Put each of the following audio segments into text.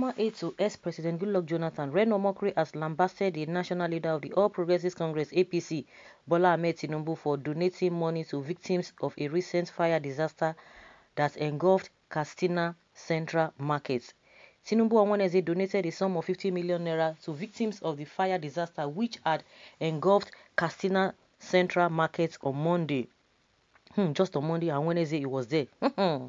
former aide to ex-President Goodluck Jonathan, Reno Mokri has lambasted the national leader of the All Progressives Congress, APC, Bola Ahmed Tinubu, for donating money to victims of a recent fire disaster that engulfed Castina Central Market. Tinubu on Wednesday donated a sum of 50 million naira to victims of the fire disaster which had engulfed Castina Central Market on Monday. Hmm, just on Monday and Wednesday, it was there. Hmm, hmm.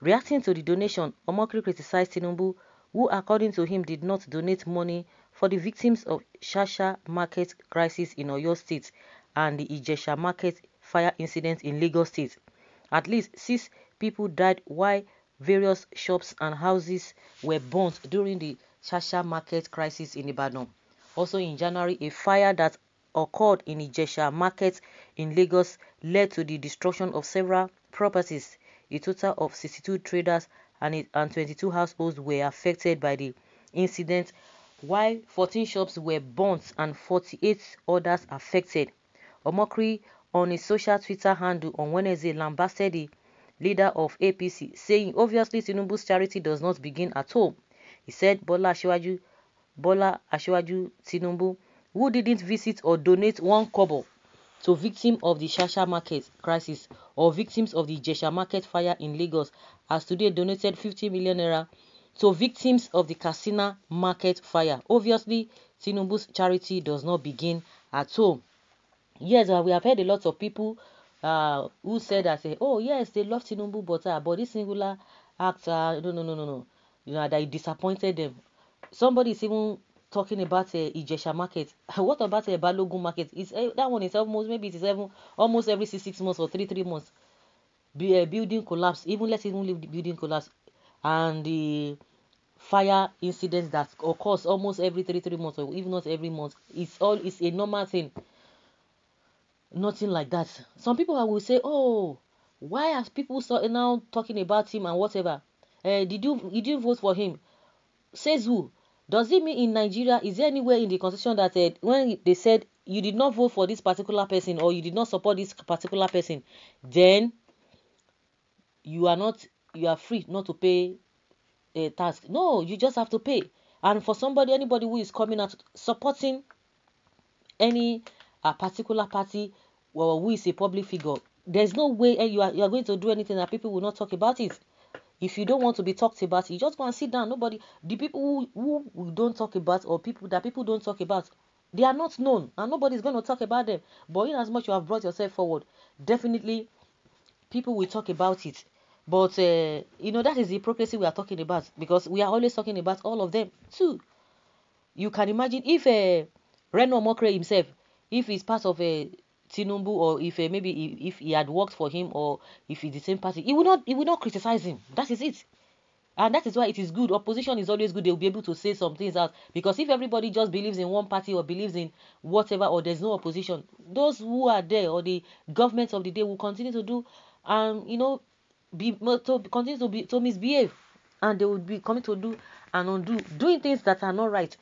Reacting to the donation, Omokri criticized Tinubu who according to him did not donate money for the victims of Shasha market crisis in Oyo State and the Ijesha market fire incident in Lagos State. At least six people died while various shops and houses were burnt during the Shasha market crisis in Ibadan. Also in January, a fire that occurred in Ijesha market in Lagos led to the destruction of several properties. A total of 62 traders and, it, and 22 households were affected by the incident, while 14 shops were burnt and 48 others affected. Omokri, on his social Twitter handle on Wednesday, lambasted the leader of APC, saying, obviously Tinubu's charity does not begin at home. He said Bola Ashwaju, Bola Ashwaju Tinubu, who didn't visit or donate one kobo to victims of the Shasha market crisis or victims of the Jesha market fire in Lagos has today donated 50 million naira to victims of the Kasina market fire. Obviously, Tinubu's charity does not begin at home. Yes, uh, we have heard a lot of people uh, who said that, say, oh, yes, they love Tinubu, but, uh, but this singular act, uh, no, no, no, no, no, you know, that disappointed them. Somebody is even talking about uh, Ijesha market. what about uh, Balogun market? Is uh, eh, that one is almost maybe it's seven, almost every six six months or three three months. Be, uh, building collapse. Even let's even leave building collapse, and the fire incidents that occurs almost every three three months or even not every month. It's all it's a normal thing. Nothing like that. Some people will say, oh, why are people so, now talking about him and whatever? Uh, did you did you vote for him? Says who? Does it mean in Nigeria, is there anywhere in the constitution that said eh, when they said you did not vote for this particular person or you did not support this particular person, then you are not you are free not to pay a eh, tax. No, you just have to pay. And for somebody, anybody who is coming out supporting any uh, particular party or who is a public figure, there's no way eh, you are, you are going to do anything that people will not talk about it. If you don't want to be talked about, you just go and sit down. Nobody, the people who, who don't talk about or people that people don't talk about, they are not known and nobody's going to talk about them. But in as much you have brought yourself forward, definitely people will talk about it. But uh, you know that is the hypocrisy we are talking about because we are always talking about all of them too. You can imagine if uh, Reno Mokre himself, if he's part of a uh, Tinubu or if uh, maybe if he had worked for him or if he's the same party, he will not he will not criticize him. That is it. And that is why it is good. Opposition is always good. They'll be able to say some things out. Because if everybody just believes in one party or believes in whatever, or there's no opposition, those who are there or the governments of the day will continue to do, um, you know, be to continue to be to misbehave, and they will be coming to do and undo, doing things that are not right.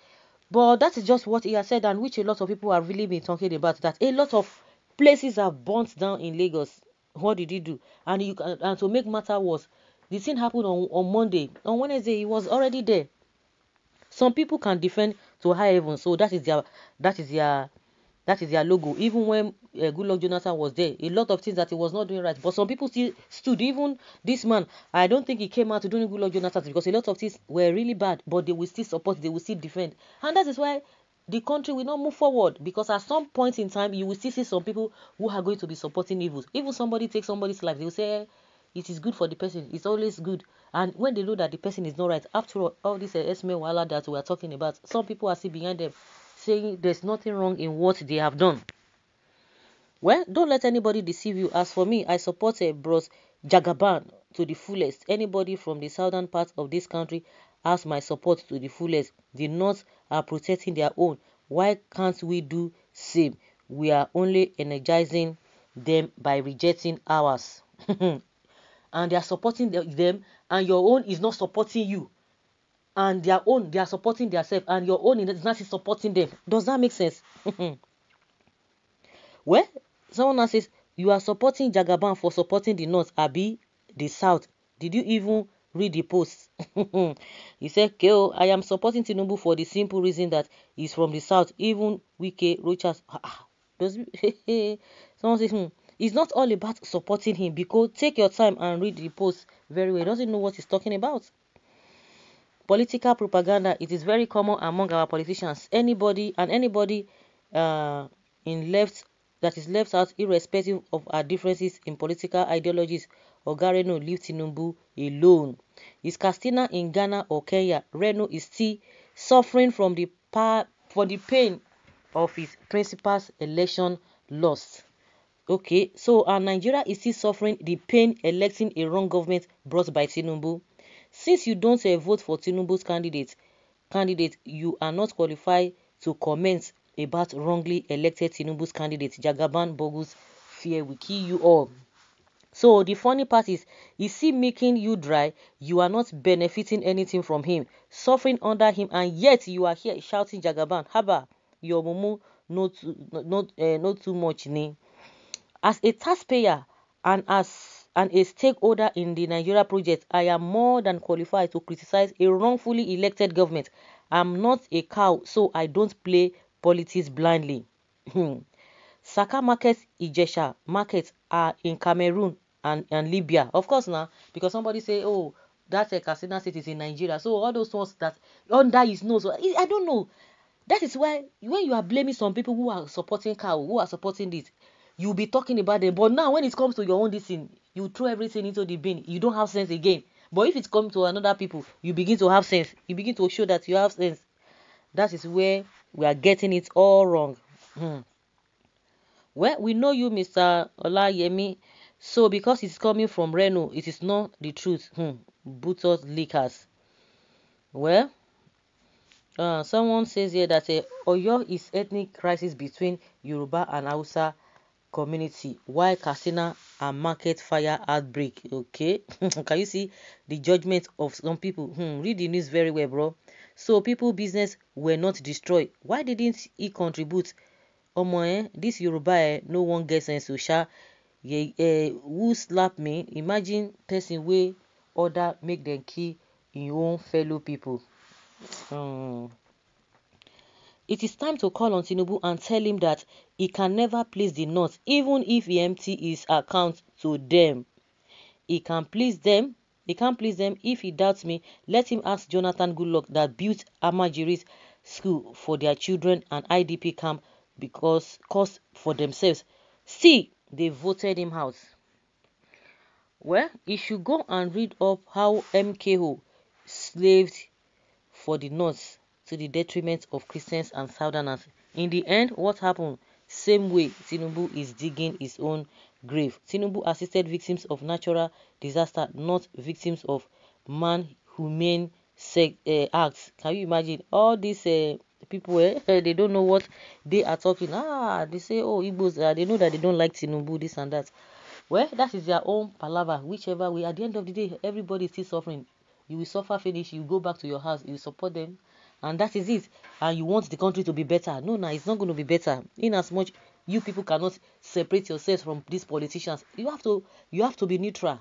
But that is just what he has said, and which a lot of people have really been talking about. That a lot of Places are burnt down in Lagos. What did he do? And you and to make matter worse, the thing happened on, on Monday. On Wednesday, he was already there. Some people can defend to high heaven, so that is their that is their that is their logo. Even when uh, Goodluck Jonathan was there, a lot of things that he was not doing right, but some people still stood. Even this man, I don't think he came out to doing Goodluck Jonathan because a lot of things were really bad, but they will still support, they will still defend, and that is why the country will not move forward because at some point in time you will still see some people who are going to be supporting evils. Even somebody takes somebody's life, they will say eh, it is good for the person, it's always good. And when they know that the person is not right, after all, all this uh, eh, Esme Wala that we are talking about, some people are still behind them saying there's nothing wrong in what they have done. Well, don't let anybody deceive you. As for me, I support a eh, bros Jagaban to the fullest. Anybody from the southern part of this country has my support to the fullest. The north are protecting their own why can't we do same we are only energizing them by rejecting ours and they are supporting them and your own is not supporting you and their own they are supporting themselves and your own is not supporting them does that make sense well someone else says you are supporting jagaban for supporting the north abi the south did you even read the post he said, Keo, I am supporting Tinubu for the simple reason that he's from the south. Even Wike Richards, Does, someone says, hmm, it's not all about supporting him because take your time and read the post very well. He doesn't know what he's talking about. Political propaganda, it is very common among our politicians. Anybody and anybody uh, in left that is left out irrespective of our differences in political ideologies. or Reno leave Tinubu alone. Is Castina in Ghana or Kenya? Reno is still suffering from the for the pain of his principal's election loss. Okay, so our Nigeria is still suffering the pain electing a wrong government brought by Tinubu. Since you don't uh, vote for Tinubu's candidate, candidate, you are not qualified to comment about wrongly elected Tinubu's candidate Jagaban Bogus Fear will kill you all. So the funny part is, is he making you dry? You are not benefiting anything from him, suffering under him, and yet you are here shouting Jagaban, Haba, your mumu, not not, uh, not too much. Ni. As a taxpayer and as and a stakeholder in the Nigeria project, I am more than qualified to criticize a wrongfully elected government. I'm not a cow, so I don't play politics blindly. Hmm. Saka markets, Ijesha markets are in Cameroon and, and Libya. Of course now, because somebody say, oh, that's a casino city in Nigeria. So all those ones that under his nose, I don't know. That is why when you are blaming some people who are supporting cow, who are supporting this, you'll be talking about them. But now when it comes to your own this thing, you throw everything into the bin. You don't have sense again. But if it comes to another people, you begin to have sense. You begin to show that you have sense. That is where we are getting it all wrong. Hmm. Well, we know you, Mr. Olayemi. So because it's coming from Reno, it is not the truth. Hmm. Butos leakers. Well, uh, someone says here that uh, Oyo is ethnic crisis between Yoruba and Hausa community. Why Kasina and market fire outbreak? Okay, can you see the judgment of some people? Hmm. Read the news very well, bro. So people business were not destroyed. Why didn't he contribute? Oh eh, my, this Yoruba eh, no one gets in social. Yeah, eh, who slap me? Imagine person way order make them kill your own fellow people. Um, it is time to call on Tinubu and tell him that he can never please the North, even if he empty his account to them. He can please them they can't please them. If he doubts me, let him ask Jonathan Goodluck that built Amajiri's school for their children and IDP camp because cost for themselves. See, they voted him out. Well, you should go and read up how MKO slaved for the North to the detriment of Christians and Southerners. In the end, what happened? Same way, Tinubu is digging his own grave. Tinubu assisted victims of natural disaster, not victims of man-humane uh, eh, acts. Can you imagine? All these uh, people, eh, they don't know what they are talking. Ah, they say, oh, Igbos, uh, they know that they don't like Tinubu, this and that. Well, that is their own palaver. Whichever way, at the end of the day, everybody is still suffering. You will suffer finish. You go back to your house. You support them and that is it and you want the country to be better no no it's not going to be better in as much you people cannot separate yourselves from these politicians you have to you have to be neutral